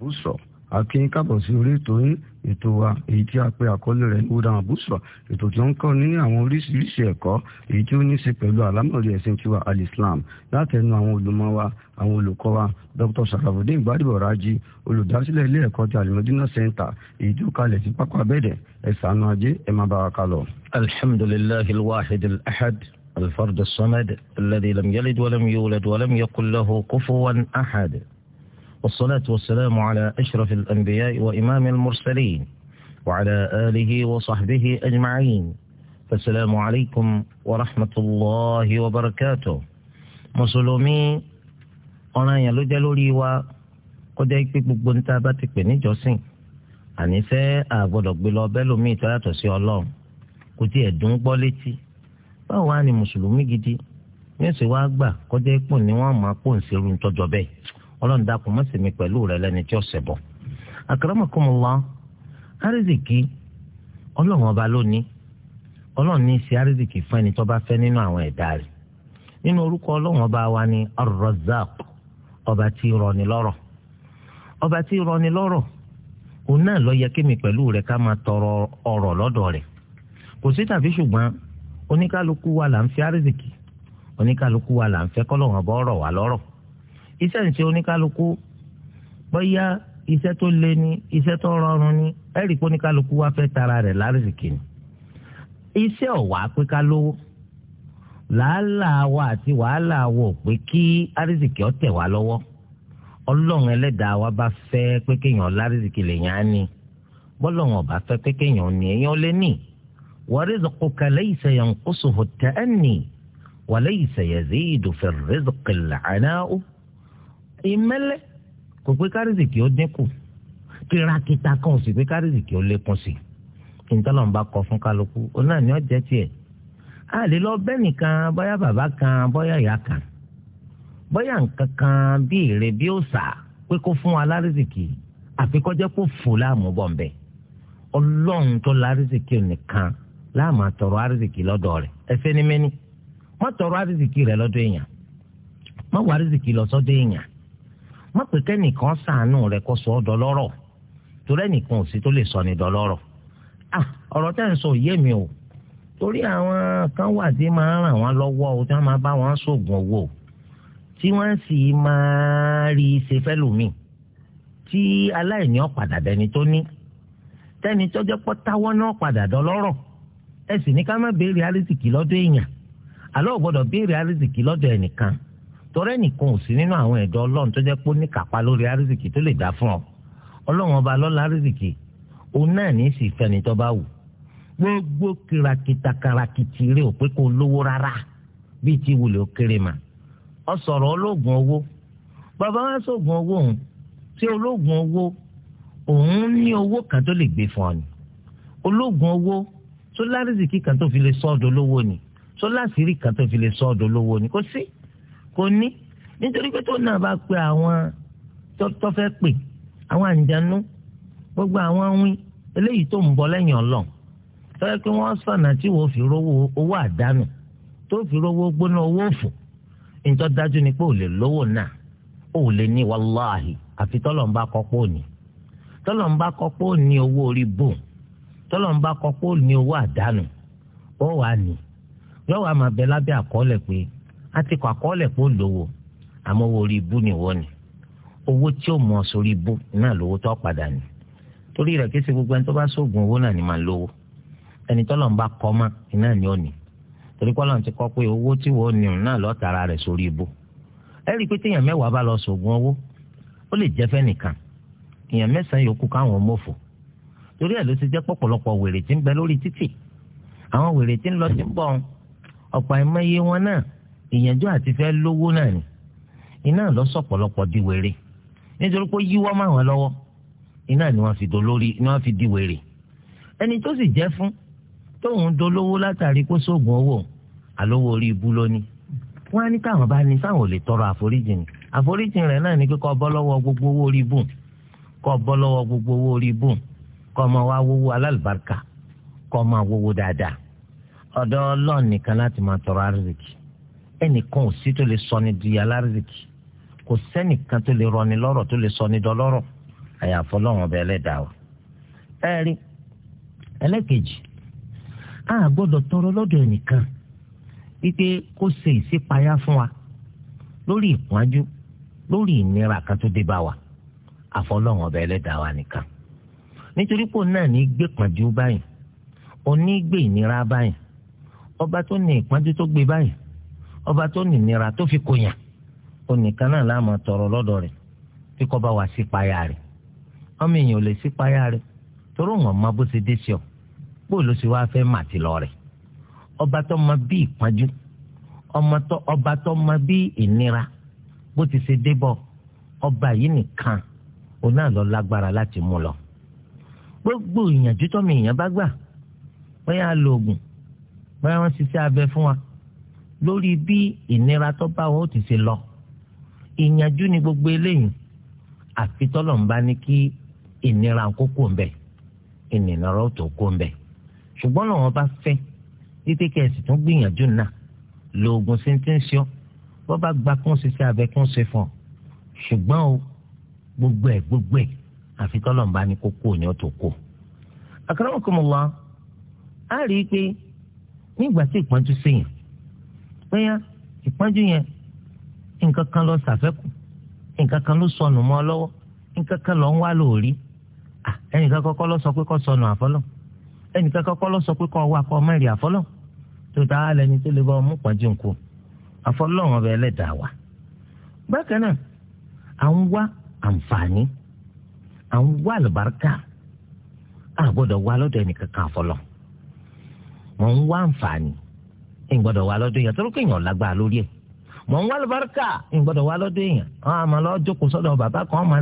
bùsọ̀ akin kábọ̀ sí orí ètò ètò wa èyí tí a pe àkọlé rẹ̀ ní wúdà àbúsọ̀ ètò tí ó ń kọ́ ní àwọn oríṣiríṣi ẹ̀kọ́ èyí tí ó ní ṣe pẹ̀lú àlámọ̀rí ẹ̀sìn tiwa alislam látẹnu àwọn olùmọ̀ wa àwọn olùkọ́ wa dr sarafudin gbadebo raji olùdásílẹ̀ ilé ẹ̀kọ́ ti alimọ̀dínà sẹ́ńtà èyí tí ó kalẹ̀ sí pápá bẹ́ẹ̀dẹ̀ ẹ̀sánú ajé ẹ̀ má bàa kalọ̀. alhamdulilayi alwahid والصلاة والسلام على أشرف الأنبياء وإمام المرسلين وعلى آله وصحبه أجمعين فالسلام عليكم ورحمة الله وبركاته مسلمي أنا يلجلوا لي kọjá ipe gbogbo ń tá a bá ti pè níjọsìn àní fẹ́ àgbọ̀dọ̀ gbé lọ bẹ́ẹ̀ lómi ìtọ́ yàtọ̀ sí ọlọ́run kò tí ẹ̀ dùn gbọ́ létí báwo wá ni mùsùlùmí gidi ní ẹ̀sìn wá gbà kọjá ipò ni wọ́n máa pò ń serú tọ́jọ́ bẹ́ẹ̀ ọlọ́run dákun má ṣe mi pẹ̀lú rẹ lẹ́ni tí ó ṣẹbọ. akramakumullah arizikì ọlọ́run ọba lónìí ọlọ́run ní í ṣe arizikì fún ẹni tó bá fẹ́ nínú àwọn ẹ̀dá rẹ̀ nínú orúkọ ọlọ́run ọba wa ni ar-razzaq ọba tí rọni lọ́rọ̀ ọba tí rọni lọ́rọ̀ òun náà ló yẹ kémi pẹ̀lú rẹ̀ ká máa tọrọ ọrọ̀ lọ́dọ̀ rẹ̀ kò sí tàbí ṣùgbọ́n oníkálukú wa là ń fẹ́ arizikì oníkálukú wa là ń fẹ́ kọ́lọ́run ọba ọrọ̀ wa lọ́rọ̀ iṣẹ́ ìṣe oníkálukú bóyá iṣẹ́ tó le ni iṣẹ́ tó rọrùn ni ẹ̀rí pé oníkálukú wá fẹ́ tara rẹ̀ lárìsìkì ni iṣẹ́ ọ̀wá pé ká lówó làálàá wa àti wàhálà wa ò pé kí àrìsìkì ó tẹ̀ wá lọ́wọ́ ọlọ́run ẹlẹ́dàá wa bá fẹ́ pé kéèyàn lárìsìkì lèèyàn á ní bọ́lọ́run ọ̀bá fẹ́ pé kéèyàn ní èèyàn lé ní wa rizquka laysa yanqusuhu at-ta'anni wa laysa yazidu fi ar-rizqi ìmẹ́lẹ́ kò pé kárìsìkì ó dínkù kírakíta kan ò sì pé kárìsìkì ó lékún sí kí n tọ́lọ̀ ń bá kọ fún kálukú ó náà ní ọ̀jẹ̀ tiẹ̀ a lè lọ bẹ́ẹ̀ nìkan bóyá bàbá kan bóyá ìyá kan bóyá nǹkan kan bí èrè bí òòsà pé kó fún wa lárìsìkì àfi kọjá kó fò láàmú bọ̀ nbẹ ọlọ́run tó lárìsìkì nìkan láàmú àtọ̀rọ àrìsìkì lọ́dọ̀ rẹ̀ ẹsẹ̀ ní mẹ́ni má àrìsìkì rẹ̀ lọ́dọ̀ èèyàn má àrìsìkì lọ èèyàn má pé kẹ́nìkan sàánú rẹ kó sọ ọ́ dọlọ́rọ̀ torí ẹnìkan ò sí tó lè sọ ní dọlọ́rọ̀ à ah, ọ̀rọ̀ tẹ́ ń sọ yé mi o torí àwọn kan wà tí máa ń ràn wọ́n lọ́wọ́ o tí wọ́n máa bá wọn sóògùn owó tí wọ́n sì máa rí i ṣe fẹ́lòmí tí aláìní ọ̀padà dẹni tó ní tẹ́ni tọ́jọ́ pọ́ táwọ́ náà padà dọlọ́rọ̀ ẹ sì ní ká má béèrè àrísìkì lọ́dọ̀ èèyàn àlọ́ ò gbọ́dọ̀ béèrè àrísìkì lọ́dọ̀ ẹnìkan tọ́rẹ́ nìkan ò sí nínú àwọn ẹ̀dọ́ ọlọ́run tó jẹ́ pé ó ní kápá lórí arísìkì tó lè dá fún ọ ọlọ́run ọba lọ́la arísìkì òun náà ní sì fẹ́ni tó bá wù gbogbo kìràkìtà kàràkìtì rẹ ò pé kó lówó rárá bíi ti wulẹ̀ ó kéré mà ọ sọ̀rọ̀ olóògùn owó bàbá wa sóògùn owó òun tí olóògùn owó òun ní owó kan tó lè gbé fún ọ ni olóògùn owó tó lárísìkì kan tó fi lè sọ́ọ̀dọ̀ lówó ni tó láṣìírí kan tó fi lè sọ́ọ̀dọ̀ lówó ni kò sí. Si kò ní nítorí pé tó náà bá pe àwọn tó fẹ́ pè àwọn àǹjánú gbogbo àwọn wín eléyìí tó ń bọ lẹ́yìn ọlọ́run fẹ́ kí wọ́n sọ̀nà tí wọ́n fi rówó owó àdánù tó fi rówó gbóná owó òfò nítorí dájú ni pé ò lè lówó náà ò lè ní wàláhì àfi tọ́lọ́n bá kọ́ pé ò ní owó orí bò tọ́lọ́n bá kọ́ pé owó àdánù ó wà ní yọ̀wọ̀ àmàbẹ́ àkọọ́lẹ̀ pé a ti kọ àkọọ́lẹ̀ pé ó lówó àmọ́ owó orí ibú ni wọ́n ni owó tí ó mọ sórí ibú náà lówó tó padà ni torí rẹ̀ kí ṣe gbogbo ẹni tó bá sóògùn owó náà ni máa lówó ẹni tọ́lọ̀ ń bá kọ́ mọ́ iná ni ó ní torí pé Ọlọ́run ti kọ́ pé owó tí wọ́n ní òun náà lọ́ọ́ tara rẹ̀ sórí ibú ẹ rí i pé téèyàn mẹ́wàá bá lọ sóògùn owó ó lè jẹ́ fẹ́ nìkan èèyàn mẹ́sàn-án yòókù káwọn mọ̀fọ̀ torí ẹ̀ ló ti jẹ́ pọ̀pọ̀lọpọ̀ wèrè tí ń bẹ lórí títì àwọn wèrè tí ń lọ sí ń ọ̀pọ̀ àìmọye wọn náà ìyànjú àti fẹ́ lówó náà ni iná lọ sọ̀pọ̀lọpọ̀ di wèrè nítorí pé yíwọ́ máa wọn lọ́wọ́ iná ni wọ́n fi dolórí ni wọ́n fi di wèrè ẹni tó sì jẹ́ fún tóun dolówó látàrí kó sóògùn owó àlówó orí ibú lónìí wọ́n á ní káwọn bá ní sáwọn ò lè tọrọ àforíjì ni àforíjì rẹ̀ náà ni pé kó bọ́ lọ́wọ́ gbogbo owó orí bùn kó bọ́ lọ́wọ́ gbogbo owó orí bùn kó máa wá wówó alálùbáríkà kó máa wówó dáadáa ọ̀dọ̀ Ọlọ́run nìkan láti máa tọrọ àrísìkì ẹnìkan ò sí tó lè sọni di alárìkì kò sẹ́nìkan tó lè rọni lọ́rọ̀ tó lè sọni dọlọ́rọ̀ àyàfọ́ lọ́wọ́n ọbẹ̀ ẹlẹ́dàá o. ẹ rí ẹlẹ́kejì a gbọ́dọ̀ tọrọ lọ́dọ̀ ẹnìkan wípé kó ṣe ìṣípayá fún wa lórí ìpọ́njú lórí ìnira kan tó dé bá wa àfọlọ́wọ́n ọbẹ̀ ẹlẹ́dàá wa nìkan nítorí pò náà ní gbé pọ́njú báyìí onígbè ìnira báyìí ọba tó ní ìpọ́njú tó gbé báyìí ọba tó nìnira tó fi kóyàn onìkan náà láàmú tọrọ lọ́dọ̀ rẹ̀ kí kó bá wá sí payá rẹ̀ ọmọ èèyàn ò lè sí payá rẹ̀ torí wọn mọ bó ṣe dé sí ọ bó ló ṣe wá fẹ́ mà ti lọ rẹ̀ ọba tó mọ bí ìpọ́njú ọba tó mọ bí ìnira bó ti ṣe dé ọba yìí nìkan òun náà lọ lágbára láti mú lọ gbogbo ìyànjú tọ́mọ èèyàn bá gbà bóyá a lo oògùn bóyá wọ́n ṣiṣẹ́ abẹ fún wa lórí bí ìnira tó bá wọn ó ti ṣe lọ ìyànjú ni gbogbo eléyìí àfi tọ́lọ̀mùbá ní kí ìnira kókó ń bẹ̀ ìnira ó tó kó ń bẹ̀ ṣùgbọ́n làwọn bá fẹ́ títí kẹ̀sì tún gbìyànjú náà lóògùn sí ti ń ṣọ́ bọ́ bá gba kún ṣiṣẹ́ abẹ kún ṣe fún ọ ṣùgbọ́n o gbogbo ẹ̀ gbogbo ẹ̀ àfi tọ́lọ̀mùbá ní kókó ni ó tó kó. àkàrà wọn kò mọ̀ wá a rí i pé nígbà tí ìpọ́njú sèyàn bóyá ìpọ́njú yẹn nǹkan kan lọ sàfẹ́kù nǹkan kan ló sọnù mọ́ ọ lọ́wọ́ nǹkan kan lọ ń wá lórí ẹnìkan kọ́kọ́ lọ sọ pé kọ́ sọnù àfọlọ́ ẹnìkan kọ́kọ́ lọ sọ pé kọ́ wá kọ́ mẹ́rin àfọlọ́ tó ta á lẹni tó lè bá ọmú pọ́njú nǹkó àfọlọ́ wọn bẹ ẹlẹ́dàá wa. bákan náà à ń wá àǹfààní à ń gbọ́dọ̀ wá lọ́dọ̀ èèyàn torí pé èèyàn lágbára lórí ẹ̀ mọ̀ ń wá lùbáríkà ń gbọ́dọ̀ wá lọ́dọ̀ èèyàn àwọn àmọ́ lọ́ọ́ jókòó sọ́dọ̀ bàbá kan ọmọ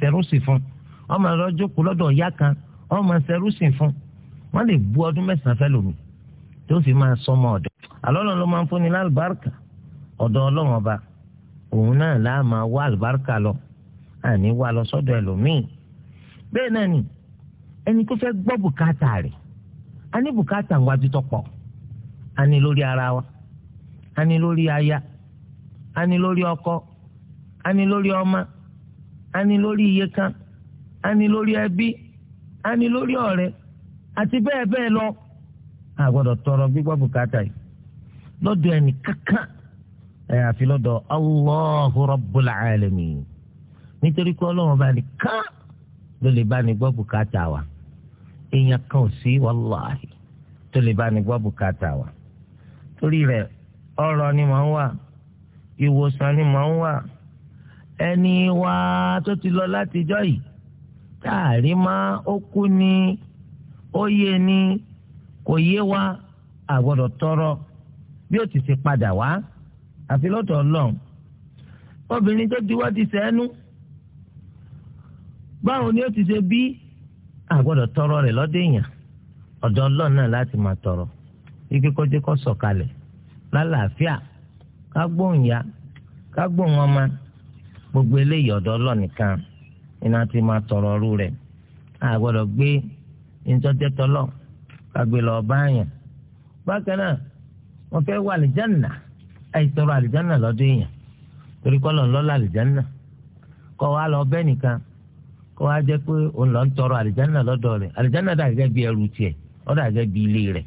ṣẹrú sí fún ọmọ lọ́ọ́ jókòó lọ́dọ̀ ìyá kan ọmọ ṣẹrú sí fún wọ́n lè bu ọdún mẹ́sàn-án fẹ́ lómi tí ó fi máa sọmọ ọ̀dọ̀ àlọ́lọ́ ló máa ń fúnni lálùbáríkà ọ̀dọ̀ ọlọ́run ọba òun náà láà máa wá àlùbáríkà lọ àní wá lọ sọ́dọ̀ ẹlòmíì bẹ́ẹ̀ náà ni ẹni tó fẹ́ gbọ́ bùkátà rẹ̀ a ní bùkátà wájú tó pọ̀ a ní lórí ara wa a ní lórí aya a ní lórí ọkọ a ní lórí ọmọ a ní lórí iye kan a lórí ẹbí a lórí ọ̀rẹ́ àti bẹ́ẹ̀ bẹ́ẹ̀ lọ. a gbọ́dọ̀ tọrọ gbígbọ́ bùkátà yìí lọ́dọ̀ ẹni kankan ẹ̀ àfi lọ́dọ̀ Allahu Rabbul Alamin nítorí pé ọlọ́run bá ní kán ló lè bá ní gbọ́ bùkátà wa èèyàn kan ò sí wàláhì tó lè bá ní gbọ́ bùkátà wa. torí re: ọrọ ni mò ń wà ìwòsàn ni mò wà ẹni wa tó ti lọ jọ yìí táàrí má ó kú ni ó yé ni kò yé wa àgbọ́dọ̀ tọrọ bí ó ti ṣe padà wá àfi lọ́dọ̀ Ọlọ́run obìnrin tó ti wá ti sẹ́nu báwo ni ó ti ṣe bí àgbọ́dọ̀ tọrọ rẹ̀ lọ́dọ̀ èèyàn ọdọ Ọlọ́run náà láti máa tọrọ. ike kọjá kọ sọ̀kalẹ̀ lálàáfíà ká gbóhùn ya gbogbo eléyìí ọ̀dọ̀ ọlọ́nìkan iná ti máa tọrọ ọrú rẹ àgbọdọ gbé ìtọ́jẹ́tọ́lọ́ ká gbé lọ báyàn bákan náà fẹ́ wà àlìjánà àìsọ̀rọ̀ àlìjánà èèyàn torí àlìjánà lọ nìkan pé òun tọrọ àlìjánà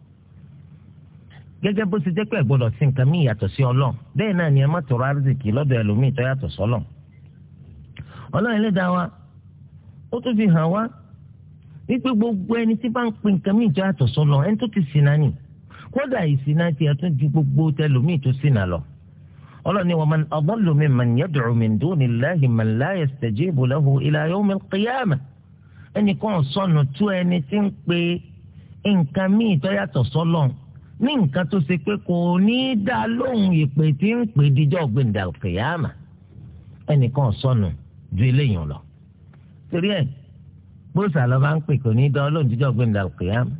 gẹ́gẹ́ bó ṣe jẹ́ pé ẹ̀gbọ́dọ̀ sí nǹkan mí ìyàtọ̀ sí ọlọ́run bẹ́ẹ̀ náà ni ẹ má tọrọ àrísìkì lọ́dọ̀ ẹlòmíì tó yàtọ̀ sọ́lọ̀ ọlọ́run ẹlẹ́dàá wa ó tún fi hàn wá wípé gbogbo ẹni tí bá ń pè nǹkan mí ìjọ yàtọ̀ sọ́lọ̀ ẹni tó ti sìnà ni kódà ìsìnà tiẹ̀ tún ju gbogbo tẹlòmíì tó sìnà lọ ọlọ́run ni wa man adallu mimman yad'u min dunillahi man la yastajibu lahu ila yawmil qiyamah ẹnì kan nǹkan míì tó yàtọ̀ sọ́lọ́run ní nǹkan tó ṣe pé kò ní í dá lóhùn ìpè tí ń pè díjọ́ gbẹ̀ndà kìyàmà ẹnìkan sọnù ju eléyìí lọ. torí ẹ bóòsà lọ bá ń pè kò ní í dá lóhùn díjọ́ gbẹ̀ndà kìyàmà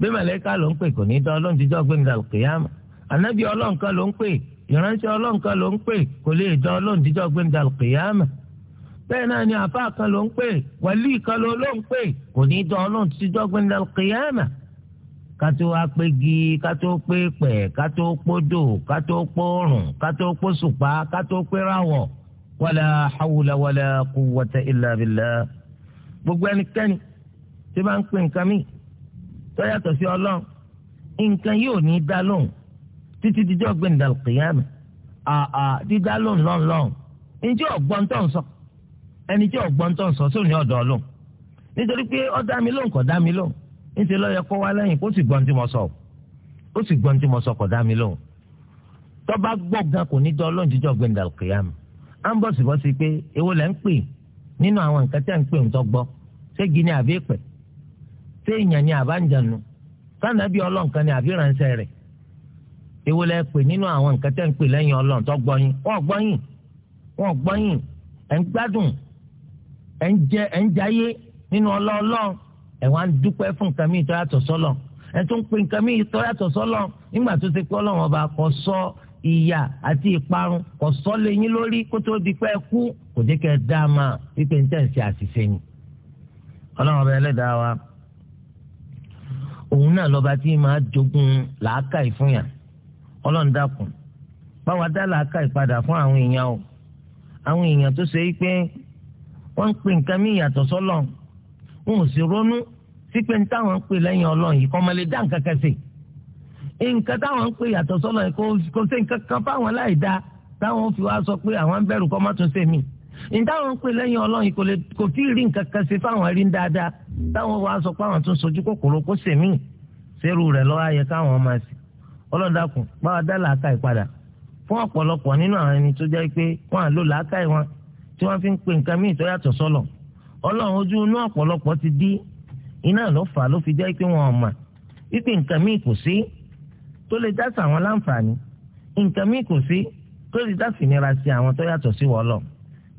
bí mẹ̀lẹ́kà ló ń pè kò ní í dá lóhùn díjọ́ gbẹ̀ndà kìyàmà ànábì ọlọ́nkan ló ń pè ìránṣẹ́ ọlọ́nkan ló ń pè kò lè dá lóhùn díjọ́ gbẹ̀ndà kìyàmà bẹ́ẹ̀ náà ni àfáà kan ló ń pè wàlíì kan ló ń pè kò ní í dá lóhùn díjọ́ gbẹ̀ndà kìyàmà kátó apégi kátó pépẹ̀ kátó pódò kátó pòrùn kátó pósùpá kátó péráwọ̀ wàlà hawla wàlà quwwata illa billah gbogbo ẹnikẹ́ni tí bá ń pè nǹkan mí tó yàtọ̀ sí ọlọ́run nǹkan yóò ní dá lóhùn títí dídí ọ̀gbìn dàlùkìyàmù àà dídá lóhùn lọ́nlọ́hùn ǹjẹ́ ọ̀gbọ́n tó ń sọ ẹni tí ọ̀gbọ́n tó ń sọ sóò ní ọ̀dọ̀ ọlọ́run nítorí pé ó dá mi lóhùn kò dá mi lóhùn níṣẹ́ ló yẹ kó wá lẹ́yìn kó sì gbọ́n tí mo sọ ó sì gbọ́n tí mo sọ kọ̀ dá mi lóhùn tó bá gbọ́ gan kò ní jọ ọlọ́run jíjọ́ gbẹ̀ndà kìyàm á ń bọ̀ síbọ̀ sí pé èwo lẹ́ ń pè nínú àwọn nǹkan tẹ́ ń pè ń tọ́ gbọ́ ṣé gini àbí pẹ̀ ṣé èèyàn ni àbájánu sànàbí ọlọ́run kan ni àbí ránṣẹ́ rẹ̀ èwo lẹ́ pè nínú àwọn nǹkan tẹ́ ń pè lẹ́yìn ọlọ́run tó gbọ́ wọ́n gbọ́ wọ́n ẹ̀ wá ń dúpẹ́ fún nǹkan míì tó yàtọ̀ sọ́lọ̀ ẹ̀ tó ń pè nǹkan míì tó yàtọ̀ sọ́lọ̀ nígbà tó ti pé ọlọ́run ọba kò sọ ìyà àti ìparun kò sọ lé yín lórí kó tó di pé ẹ kú kò jẹ́ kẹ́ ẹ dá a máa wípé ń tẹ̀sí àṣìṣe ni ọlọ́run ọba ẹlẹ́dàá wa òun náà lọ́ba tí máa jogún làákàyè fún ọlọ́run dákun báwa dá làákàyè padà fún àwọn èèyàn o àwọn èèyàn tó ṣe é pé wọ́n ń pè nǹkan mí ìyàtọ̀ sọ́lọ́run wọn ò sì ronú sípé ní táwọn ń pè lẹ́yìn ọlọ́run yìí kọ́ máa lè dá nǹkan kan sí nǹkan táwọn ń pè yàtọ̀ sọ́lọ́ yìí kò sí nǹkan kan fáwọn láì táwọn fi sọ pé àwọn ń bẹ̀rù kọ́ tún ṣe mí ń pè lẹ́yìn ọlọ́run kò lè kò tí ì sọ pé àwọn tún sojú kòkòrò kó ṣe mí ṣerú lọ́wọ́ ayẹ káwọn máa ọlọ́dàkùn báwa dá làákà fún ọ̀pọ̀lọpọ̀ nínú àwọn ẹni tó jẹ́ pé wọ́n á lò fi ń pè nǹkan míì tó yàtọ̀ sọ́lọ̀ ọlọ́run ojú inú ọ̀pọ̀lọpọ̀ ti dí iná ló fà ló fi jẹ́ pé wọn ò mà wípé nǹkan míì kò sí tó lè dá sàwọn láǹfààní nǹkan míì kò sí tó lè dá fìnira sí àwọn tó yàtọ̀ sí wọ́ọ́lọ̀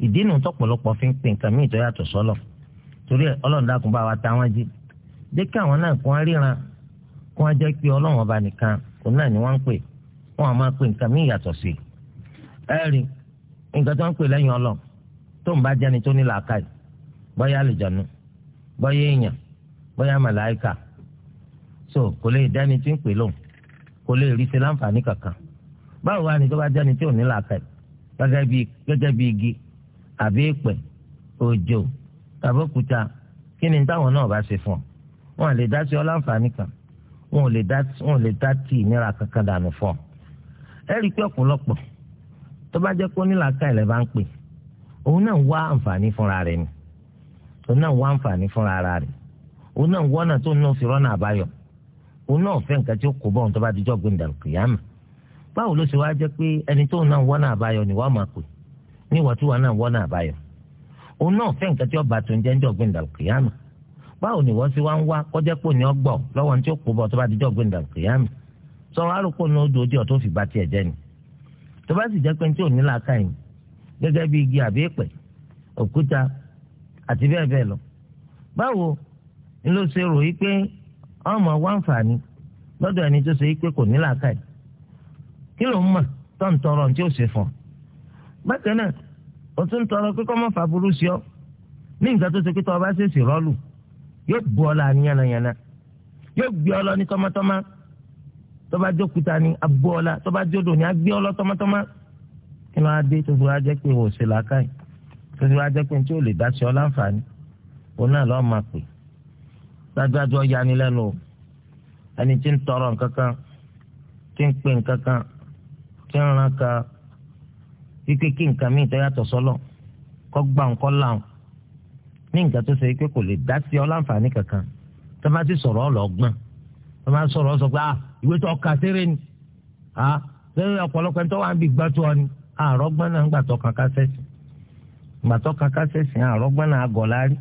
ìdí tọ̀pọ̀lọpọ̀ fi ń pè nǹkan míì tó yàtọ̀ sọ́lọ̀ torí ọlọ́run dákun bá wa ta wọn jí jẹ́ kí àwọn náà kún wọn ríran kún wọn jẹ́ pé ọlọ́run ọba nìkan òun náà ni wọ́n ń pè wọn a máa pè nǹkan míì yàtọ̀ sí ẹ rí nǹkan tó ń pè lẹ́yìn ọlọ́run tó ń bá jẹ́ni tó ní làákàyè bóyá àlùjànnú bóyá èèyàn bóyá màláìkà so kò lè dání tí ń pè lóhùn kò lè rí ṣe láǹfààní kankan báwo wá ni tó bá dání tí ò ní làákàyè gẹ́gẹ́ bí gẹ́gẹ́ bí igi àbí èpè òjò tàbókúta kí ni táwọn náà bá ṣe fún ọ wọn lè dá sí ọ láǹfààní kan wọn ò lè dá wọn lè dá tí ìnira kankan dànù fún ọ ẹ pé ọ̀pọ̀lọpọ̀ tó bá jẹ́ pé ní làákàyè lẹ́ bá ń pè òun náà wá àǹfààní fúnra rẹ̀ ni òun náà wá àǹfààní fúnra ara rẹ̀ òun náà wọ́nà tó náà fi rọ́nà àbáyọ òun náà fẹ́ nǹkan tí ó kó bọ́ọ̀n tó bá dijọ́ gbẹ̀ndà kìyàmà báwo ló ṣe wá jẹ́ pé ẹni tó náà wọ́nà àbáyọ ni wọ́n máa pè ní ìwà tí wọ́n náà àbáyọ òun náà fẹ́ ni wọ́n wá ń wá àti bẹ́ẹ̀ bẹ́ẹ̀ lọ. báwo ni ló ṣe rò yìí pé ọmọ wa ń fà ní lọ́dọ̀ ẹni tó ṣe yìí pé kò ní làákàyè kí ló ń mọ̀ tó ń tọrọ tí ó ṣe fún bákan náà o tún ń tọrọ pé kọ́ mọ́ fà burú sí ọ ní nǹkan tó ṣe pé tọ́ ọ bá ṣèṣì rọ́ọ̀lù yóò bu ọ la yànnàyànnà yóò gbé ọ lọ ní tọmọtọmọ tó bá jókúta ní abú ọ la tó bá jódò ní agbé ọ lọ tọmọtọmọ kí ló á dé tó burú á jẹ́ pé wò ó ṣe làákàyè. tó ti wá jẹ́ pé tí o lè dá sí ọ láǹfààní òun náà lọ́ọ́ máa pè dájúdájú ọ o ẹni tí ń tọrọ nǹkan kan tí ń pè nǹkan kan tí ń ran ka wípé kí nǹkan míì tó yàtọ̀ sọ́lọ̀ kọ́ gbà ń kọ́ làwọn ní nǹkan tó ṣe pé kò lè dá sí ọ láǹfààní kankan tó ti sọ̀rọ̀ sọ pé ah ìwé tó ọkà séré ni ah lórí ọ̀pọ̀lọpọ̀ ẹni tó wà ń bí ni ah, náà ń gbàtọ́ kaka sẹ̀sìn àrọ́gbọ́nà àgọ̀lárí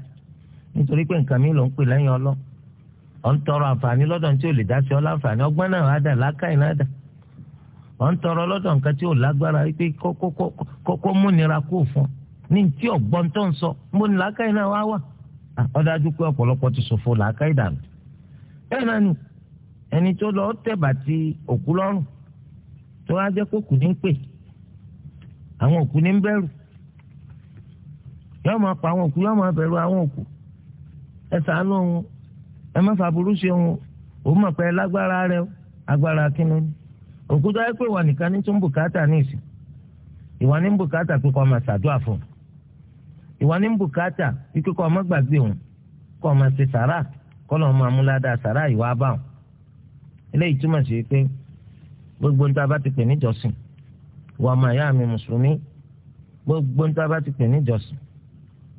nítorí pé nǹkan mi ló ń pè lẹ́yìn ọlọ́ ọ̀ ń tọrọ àǹfààní lọ́dọ̀ tí ò lè dá sí ọ láǹfààní ọgbọ́n náà á dà náà dà ọ̀ ń tọrọ lọ́dọ̀ nǹkan tí fún ní tí ọ̀gbọ́n tó ń sọ mo ní lákàyè náà wá wà dájú pé ọ̀pọ̀lọpọ̀ ti ṣòfò dànù bẹ́ẹ̀ náà nù ẹni lọ òkú yóò máa pa àwọn òkú yóò máa bẹ̀rù àwọn òkú ẹ sàánú wọn ẹ má fàbúrú ṣe wọn òun mọ̀ pé lágbára rẹ agbára kínní òkú tó yẹ pé ìwà nìkan ní tó ń bùkátà ní ìsìn ìwà ní ń bùkátà pé kọ́ máa ṣàdúrà fún un ìwà ní bùkátà pé kọ́ máa gbàgbé òun kọ́ máa ṣe sàrà kọ́ lọ́ọ́ máa mú ládàá sàrà ìwà bá òun eléyìí túmọ̀ sí pé gbogbo ń bá ti pè níjọsìn wà yá mi mùsùlùmí gbogbo ń bá ti pè níjọsìn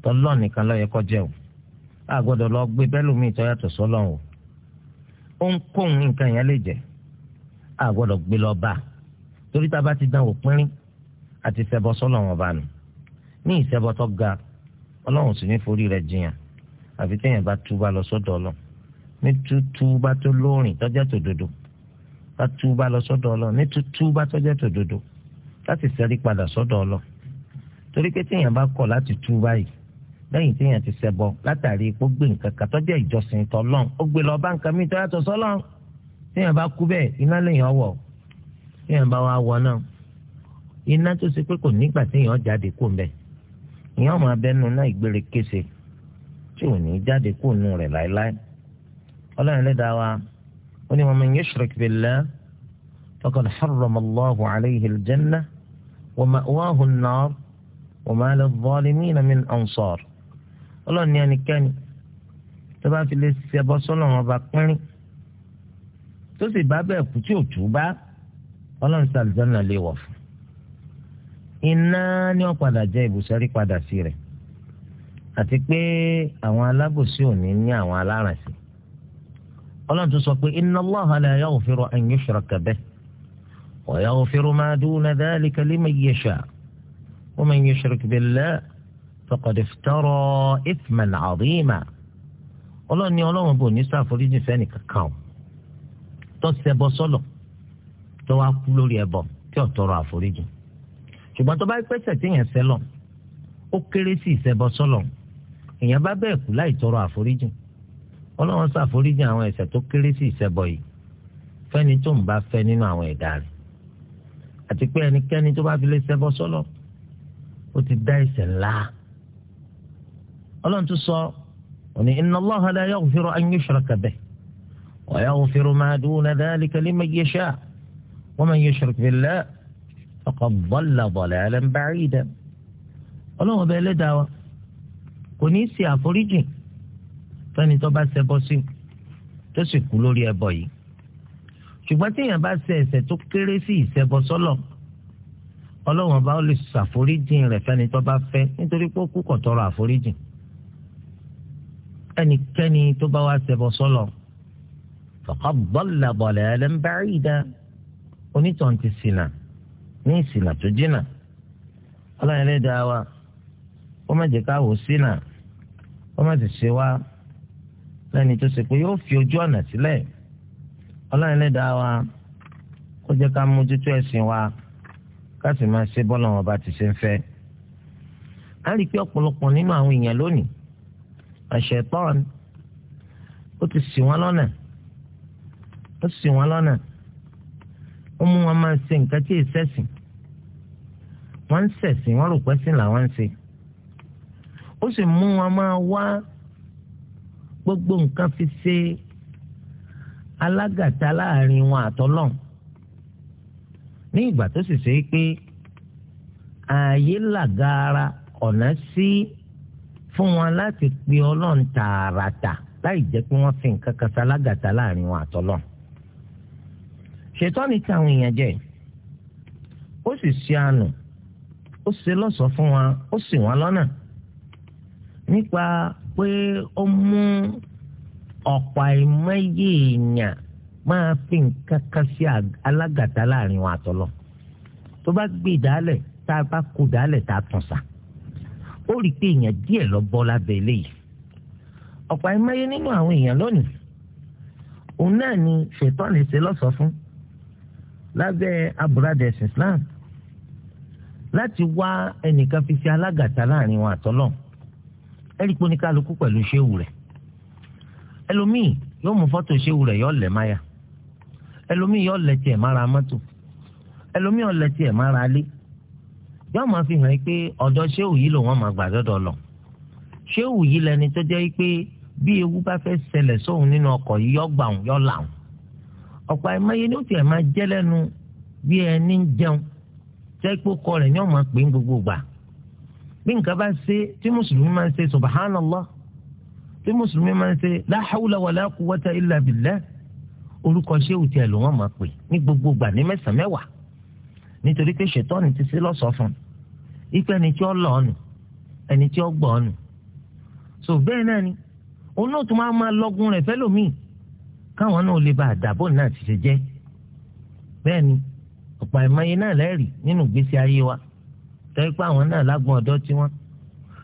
tọ́lọ́ nìkan ló yẹ jẹ́ o a gbọ́dọ̀ lọ gbé bẹ́lùmí tó yàtọ̀ sọ́lọ́n o ohunkóhun nǹkan yẹn lè jẹ́ a gbọ́dọ̀ gbé lọ bá torí tá a bá ti dán wò pínrín àti ṣẹbọ sọ́lọ́n ọba nù ní ìṣẹbọ tó ga ọlọ́run sì ní forí rẹ̀ jiyàn àfi téèyàn bá túbà lọ sọ́dọ̀ ọlọ́run ní túbà tó lóòrìn tọ́jẹ́ tó dodo ká túbà lọ sọ́dọ̀ ọlọ́run ní túbà tọ́jẹ́ tó dodo láti ṣẹ́rí padà sọ́dọ̀ ọlọ́run torí pé téèyàn bá kọ̀ láti túbà yìí lẹ́yìn tí èèyàn ti ṣẹbọ látàrí ipò gbé nǹkan kan tó jẹ́ ìjọsìn tọlọ́n ó gbé lọ bá nǹkan mi tó yàtọ̀ sọ́lọ́n téèyàn bá kú bẹ́ẹ̀ iná lèèyàn wọ̀ téèyàn bá wà wọ náà iná tó ṣe pé kò nígbà téèyàn jáde kó ń bẹ̀ èèyàn máa bẹnu náà ìgbére kése tí ò ní jáde kó nù rẹ̀ láéláé ọlọ́run lè dá wa ó ní wa man yushrik billah faqad harrama ọlọ́run ní ẹnikẹ́ni tó bá fi lè ṣẹbọ sọ́lọ́run ọba pínrín tó sì bá bẹ́ẹ̀ kú tí ò tù bá ọlọ́run sí àlùjáná lè wọ̀ fún iná ni ó padà jẹ́ ibùsọ̀rí padà sí rẹ̀ àti pé àwọn alábòsí ò ní ní àwọn aláràǹsì ọlọ́run tó sọ pé inna Allaha la yaghfiru an yushraka bihi wa yaghfiru ma duna dhalika liman yasha wa man yushrik billah faqad iftara ithman azima ọlọ́ni ọlọ́run bò ní ṣàforíjì fẹ́ni kankan o tó ṣẹbọ sọ́lọ̀ tó wá kú lórí ẹbọ tí ò tọrọ àforíjì ṣùgbọ́n tó bá pẹ́sẹ̀ tí yẹn sẹ́lọ̀ ó kéré sí ìṣẹbọ sọ́lọ̀ èèyàn bá bẹ́ẹ̀ kú láì tọrọ àforíjì ọlọ́run ṣàforíjì àwọn ẹ̀ṣẹ̀ tó kéré sí ìṣẹbọ yìí fẹ́ni tó ń bá fẹ́ nínú àwọn ẹ̀dá rẹ̀ àti pé ẹnikẹ́ni tó bá fi lè ṣẹbọ sọ́lọ̀ ó ti dá ẹ̀ṣẹ̀ ńlá ọlọ́run tún sọ òní inna Allaha la yaghfiru an yushraka bihi wa yaghfiru ma duna dhalika liman yasha' wa man yushrik billahi faqad dhalla dhalalan ba'ida ọlọ́run ọba ẹlẹ́dàá wa kò ní í ṣe àforíjì fẹ́ni tó bá ṣẹbọ sí tó sì kú lórí ẹbọ yìí ṣùgbọ́n téèyàn bá ṣe ẹ̀ṣẹ̀ tó kéré sí ìṣẹbọ ọlọ́run ọba ó lè ṣàforíjì rẹ̀ fẹ́ni tó bá fẹ́ nítorí pé ó kú kò àforíjì ẹnikẹ́ni tó bá wá ṣẹbọ sọ́lọ̀ faqad dalla dalalan ba'ida onítàn ti ṣìnà ní ìṣìnà tó jìnà ọlọ́run lè dá wa ó má jẹ́ ká wò ṣìnà ó má ti ṣe wá lẹ́ni tó ṣe pé yóò fi ojú ọ̀nà sílẹ̀ ọlọ́run lè dá wa kó jẹ́ ká mójútó ẹ̀sìn wa ká sì máa ṣe bọ́lá wọn bá ti ṣe ń fẹ́. a rí i pé ọ̀pọ̀lọpọ̀ nínú àwọn èèyàn lónìí àṣetán ó ti ṣì wọ́n lọ́nà ó ṣì wọ́n lọ́nà ó mú wọn máa ṣe nǹkan tí ìṣẹ̀sìn wọ́n ń ṣẹ̀sìn wọ́n rò pẹ́sìn làwọn ń ṣe ó sì mú wọn máa wá gbogbo nǹkan fi ṣe alágàtà láàrin wọn àtọ́lọ́n ní ìgbà tó sì ṣe é pé ààyè làgàra ọ̀nà sí. Si, fún wọn láti pe ọlọ́run tààràtà láì jẹ́ pé wọ́n fi nǹkan kan sálágàtà láàrin wọn àtọ́lọ́ ṣètọ́ni táwọn èèyàn jẹ́ ó sì ṣe àánú ó ṣe lọ́sọ̀ọ́ fún wọn ó sì wọn lọ́nà nípa pé ó mú ọ̀pọ̀ àìmọye èèyàn máa fi nǹkan kan sí alágàtà láàrin wọn àtọ́lọ́ tó bá gbé ìdálẹ̀ tá a bá kú ìdálẹ̀ tá a tún sá ó rí i pé èèyàn díẹ̀ lọ bọ́ lábẹ́ eléyìí ọ̀pọ̀ àìmọye nínú àwọn èèyàn lónìí òun náà ni ṣètọ́ni ṣe lọ́sọ̀ fún lábẹ́ aburada Islam láti wá ẹnìkan fi ṣe alágàtà láàrin wọn àtọ́lọ́ ẹ̀rí pé oníkálukú pẹ̀lú ṣéwù rẹ̀ ẹlòmíì yóò mú fọ́tò ṣéwù rẹ̀ yóò lẹ̀ máyà ẹlòmíì yóò lẹ̀ tiẹ̀ mára mọ́tò ẹlòmíì yóò lẹ̀ tiẹ̀ mára alé yóò máa fi hàn pé ọ̀dọ̀ ṣéwù yìí lòun máa gbà dọ́dọ̀ lọ ṣéwù yìí lẹni tó jẹ́ pé bí ewu bá fẹ́ ṣẹlẹ̀ sóhun nínú ọkọ̀ yìí yọ gbà yọ là ń ọ̀pọ̀ àìmọye ní òtí ẹ̀ máa jẹ́ lẹ́nu bí ẹni ń jẹun jẹ́ pé kọ rẹ̀ ní ọmọ pé ń gbogbo gbà bí nǹkan bá ṣe tí mùsùlùmí máa ń ṣe subhanallah tí mùsùlùmí máa ń ṣe la hawla ipe ẹni tí ó lọ ọnù ẹni tí ó gbọ ọnù so bẹ́ẹ̀ náà ni òun náà tún máa máa lọ́gùn rẹ̀ fẹ́lòmíì káwọn náà lè bá àdàbò náà ti ṣe jẹ́ bẹ́ẹ̀ ni ọ̀pọ̀ àìmọye náà lẹ́rìí nínú ìgbésí ayé wa tẹ́ pé àwọn náà lágbọ́n ọ̀dọ́ tí wọ́n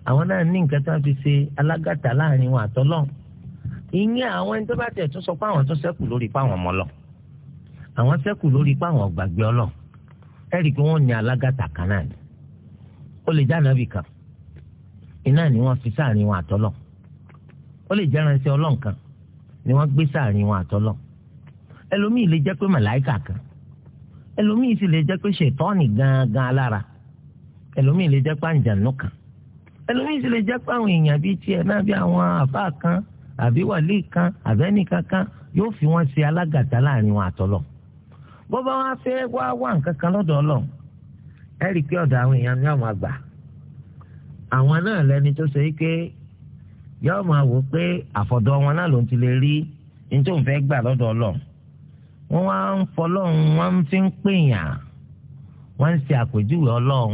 àwọn náà ní nǹkan tí wọ́n fi ṣe alágàtà láàrin wọn àtọ́lọ́ ìyẹn àwọn ẹni tó bá tẹ̀ tún sọ pé àwọn tó ṣẹ́kù lórí páwọn ọmọ lọ àwọn ṣẹ́kù lórí páwọn ọgbàgbé ọlọ ẹ̀rí pé wọ́n ní alágàtà kan náà ni ó lè jẹ́ ànábì kan iná ni wọ́n fi sáàrin wọn àtọ́lọ̀ ó lè jẹ́ ránṣẹ́ ọlọ́run ni wọ́n gbé sáàrin wọn àtọ́lọ̀ ẹlòmíì lè jẹ́ pé màláìkà kan ẹlòmíì sì lè jẹ́ pé ṣètọ́ọ̀nì gangan alára ẹlòmíì lè jẹ́ pé àǹjànú kan ẹlòmíì sì lè jẹ́ pé àwọn èèyàn bíi tiẹ̀ náà bíi àwọn àfà kan àbí wàlí kan àbẹ́nìkan kan yóò fi wọ́n ṣe alágàtà láàrin wọn àtọ́lọ̀ bó bá fẹ́ wá wá nǹkan kan lọ́dọ̀ ọlọ́run ẹ rí i pé ọ̀dọ̀ àwọn èèyàn ní àwọn àgbà àwọn náà lẹni tó ṣe pé yóò máa wò pé àfọ̀dọ̀ wọn náà ló ń ti lè rí ní tó ń fẹ́ gbà lọ́dọ̀ ọlọ́run wọ́n wá ń fọlọ́run wọ́n fi ń pèèyàn wọ́n ń ṣe àpèjúwe ọlọ́run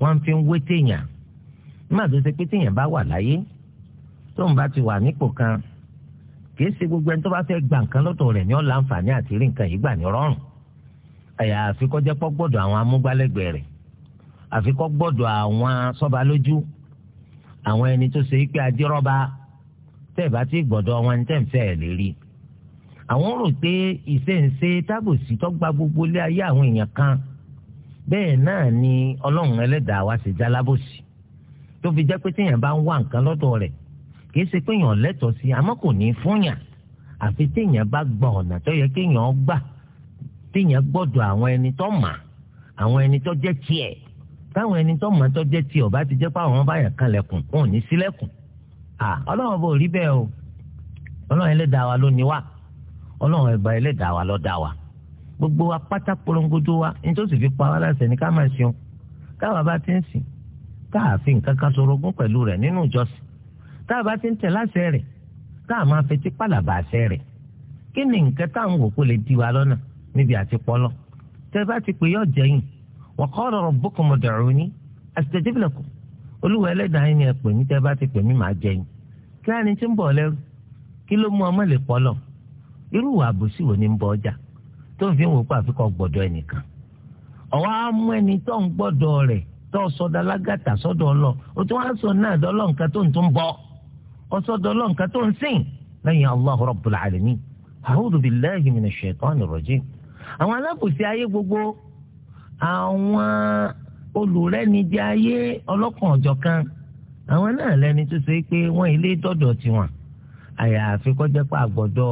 wọ́n fi ń wé nígbà tó ṣe pé téèyàn bá wà láyé tó ń bá ti wà nípò kan kì í ṣe gbogbo ẹni tó bá fẹ́ gba nǹkan lọ́dọ̀ rẹ̀ ní ọ̀la àǹfààní àti rí nǹkan yìí gbà ní rọrùn àyàfi kó pọ́ gbọ́dọ̀ àwọn amúgbálẹ́gbẹ̀ẹ́ rẹ̀ àfi kọ́ gbọ́dọ̀ àwọn sọ́ba lójú àwọn ẹni tó ṣe pé adírọ́ba tẹ̀ bá ti gbọ́dọ̀ wọn tẹ̀ ń fẹ́ ẹ̀ lérí àwọn rò pé ìṣèǹṣe tábòsí tó gba gbogbo ilé ayé àwọn èèyàn kan bẹ́ẹ̀ náà ni ọlọ́run ẹlẹ́dàá wa ṣe já lábòsí tó fi jẹ́ pé téèyàn bá ń wá nǹkan lọ́dọ̀ rẹ̀ kìí ṣe pé èèyàn lẹ́tọ̀ọ́ sí àmọ́ kò ní fúnyàn àfi téèyàn bá gba ọ̀nà tó yẹ kéèyàn gbà téèyàn gbọ́dọ̀ àwọn ẹni tó mà àwọn ẹni tó jẹ́ tiẹ̀ táwọn ẹni tó mọ̀ tó jẹ́ ti ọ̀bá ti jẹ́ pé àwọn bá yàn kanlẹ̀kùn wọn ò ní sílẹ̀kùn ọlọ́run bò rí bẹ́ẹ̀ o ọlọ́run ẹlẹ́dàá wa ló ní wa ọlọ́run ẹ̀bà ẹlẹ́dàá wa ló dá wa gbogbo wa pátá polongodo wa nítòsí fi pa wá láṣẹ ní ká máa ṣeun táwa bá ti ń sìn káàfin kankan sorogún pẹ̀lú rẹ̀ nínú ìjọsìn táwa bá ti ń tẹ̀ láṣẹ rẹ̀ táà máa fetí pàlàbà àṣẹ rẹ̀ kí ni nǹkan táwọn òkú lè di wa lọ́nà níbi àti tẹ bá ti pè yọ jẹ́yìn wa qala rabbukum ud'uni astajib lakum olúwa ni ẹ pè mí bá ti pè màá jẹ yín kí á ní tí ń bọ̀ lẹ́rù kí ló mú ọmọ lè pọ́lọ̀ irú ìwà àbòsí wo ni ń bọ ọjà tó ń fi wò á ẹni tó ń tó alágàtà ọlọ o tún wá sọ náà nǹkan tó ń tún bọ nǹkan tó ń sìn àwọn olùrẹ́nijẹ́ ayé ọlọ́kan ọ̀jọ̀kan àwọn náà lẹni tó ṣe pé wọ́n ilé dọ̀dọ̀ tiwọn àyàfi kọjá pé àgbọ̀dọ̀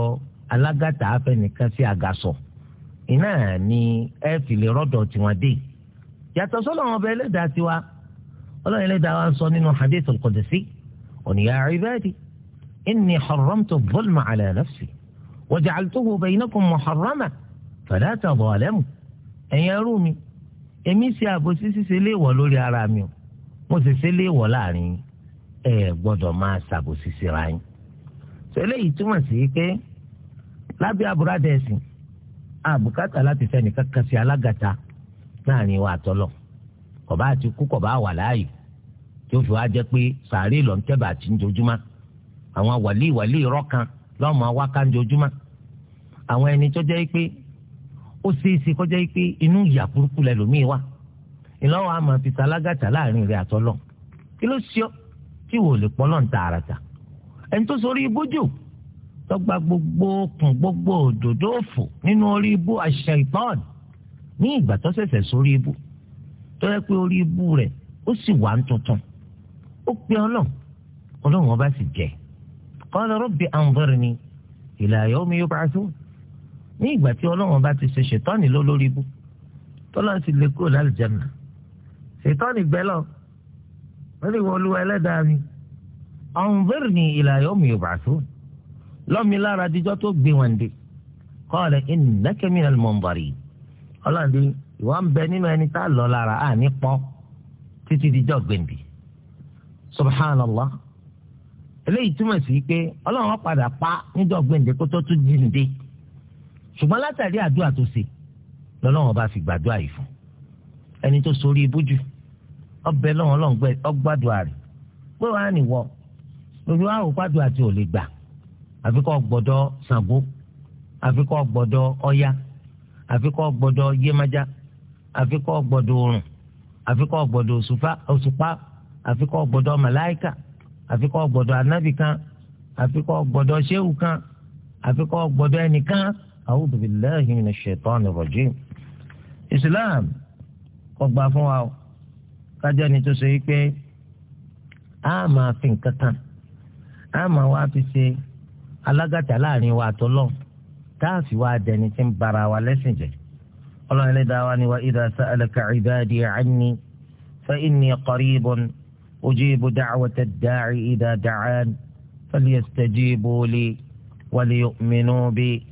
alágàtà afẹnìkan sí àgàsọ̀ iná ni ẹ fi lè rọ́dọ̀ tiwọn dé yàtọ̀ sọ́nà ọba ẹlẹ́dàá tiwa ọlọ́run ẹlẹ́dàá wa ń sọ nínú hadith al-qudsi òní ya ibadi inni harramtu adh-dhulma ala nafsi wa ja'altuhu baynakum muharraman fala tadhalamu ẹ̀yin ẹrú mi èmi ṣe àbòsí ṣíṣe léèwọ̀ lórí ara mi o mo sì ṣe léèwọ̀ láàrin ẹ gbọ́dọ̀ máa ṣàbòsí síra yín ṣẹlẹ̀ yìí túmọ̀ sí pé lábẹ́ àbúradà ẹ̀sìn àbùkátà láti fẹ́ni kankan sí alágàta láàrin wa àtọ́lọ̀ kọ̀bá àti kú kọ̀bá wà láàyè tí ó fi wá jẹ́ pé sàárè lọ́ntẹ́bà àti njojúmọ́ àwọn wàlíì wàlíì rọ́kan lọ́mọ àwọn ẹni tó jẹ pé ó ṣeé ṣe kọjá yìí pé inú ìyà burúkú lẹlòmíì wà ìlọ́wọ́ àmọ́ fi salágàtà láàrin rẹ̀ àtọ́lọ́ kí ló ṣe ọ́ tí wò lè pọ́ lọ́n tààràtà ẹni tó sọrí ibójú tọ́gba gbogbo kùn gbogbo òdòdó òfò nínú orí ibú àṣà ìpọ́n ní ìgbà tó ṣẹ̀ṣẹ̀ sórí ibú tó yẹ pé orí ibú rẹ̀ ó sì wà ń tuntun ó pe ọlọ́run ọlọ́run ọba sì jẹ́ qala rabbi anzirni ila yawmi yub'athun ní ìgbà tí ọlọ́run bá ti ṣe ṣètọ́ni ló lórí ibú tọ́lá ti lè kúrò lálùjáná ṣètọ́ni gbẹ́lọ̀ wọ́n lè wọ olúwa ẹlẹ́dàá mi anzirni ila yawmi yub'athun lọ́mi lára díjọ́ tó gbé wọn dé qala innaka minal munzirin ọlọ́ọ̀dẹ ìwọ ń bẹ nínú ẹni tá a lọ lára à ní pọ́ títí díjọ́ gbèǹdì subhanallah eléyìí túmọ̀ sí pé ọlọ́run padà pa níjọ́ gbèǹdé kó tó tún ṣùgbọ́n látàrí àdúrà tó ṣe lọ́lọ́wọ́n bá fi gbàdúrà yìí fún ẹni tó sórí ibújú ọbẹ̀ lọ́wọ́n lọ́ngbẹ́ ọgbàdúrà rẹ̀ pé wàá nìwọ lórí wàá rò pàdùn àti ò lè gbà àfikọ́ gbọ́dọ̀ Ṣàngó àfikọ́ gbọ́dọ̀ Ọya àfikọ́ gbọ́dọ̀ Yemọja àfikọ́ gbọ́dọ̀ Òrùn àfikọ́ gbọ́dọ̀ Òṣùpá àfikọ́ gbọ́dọ̀ Màláíkà àfikọ́ gbọ́dọ̀ Ànábì kan àfikọ́ gbọ́dọ̀ Ṣéhù kan àfikọ́ gbọ́dọ̀ ẹnìkan a'udhu billahi minash shaitanir rajim islam kò gbà fún wa o kájọ ni tó ṣe yí pé a máa fi nǹkan kan a máa wá fi ṣe alágàtà láàrin wa àtọlọ tá a fi wá dẹni tí ń bara wa lẹ́sìn jẹ́ ọlọ́run ẹlẹ́dàá wa ni wa idha sa'alaka ibadi anni fa inni qaribun ujibu da'wata ad-da'i idha da'an falyastajibu li wa liyu'minu bi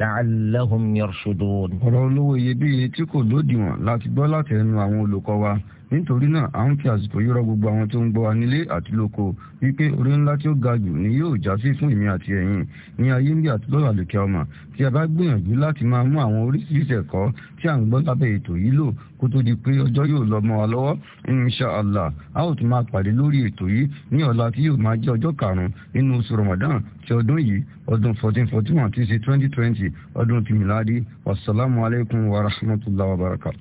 la'allahum yarshudun. ọ̀rọ̀ olówó iyebíye tí kò lódiwọ̀n láti gbọ́ láti ẹnu àwọn olùkọ́ wa nítorí náà à ń fi àsìkò yìí rọ gbogbo àwọn tó ń gbọ́ wa nílé àti lóko wípé orí ńlá tí ó ga jù ni yóò já sí fún èmi àti ẹ̀yin ní ayé ńlẹ̀ àti lọ́la lòkè ọmọ tí a bá gbìyànjú láti máa mú àwọn oríṣiríṣi ẹ̀kọ́ tí à ń gbọ́ lábẹ́ ètò yìí lò kó tó di pé ọjọ́ yóò lọ mọ́ wa lọ́wọ́ insha allah a ó tún máa pàdé lórí ètò yìí ní ọ̀la tí yóò máa jẹ́ ọjọ́ karùn-ún nínú oṣù ramadan ti ọdún yìí ọdún fourteen forty one ti ṣe twenty twenty ọdún tìmíláàdì wasalaamualeykum wa rahmatulah wa barakatu.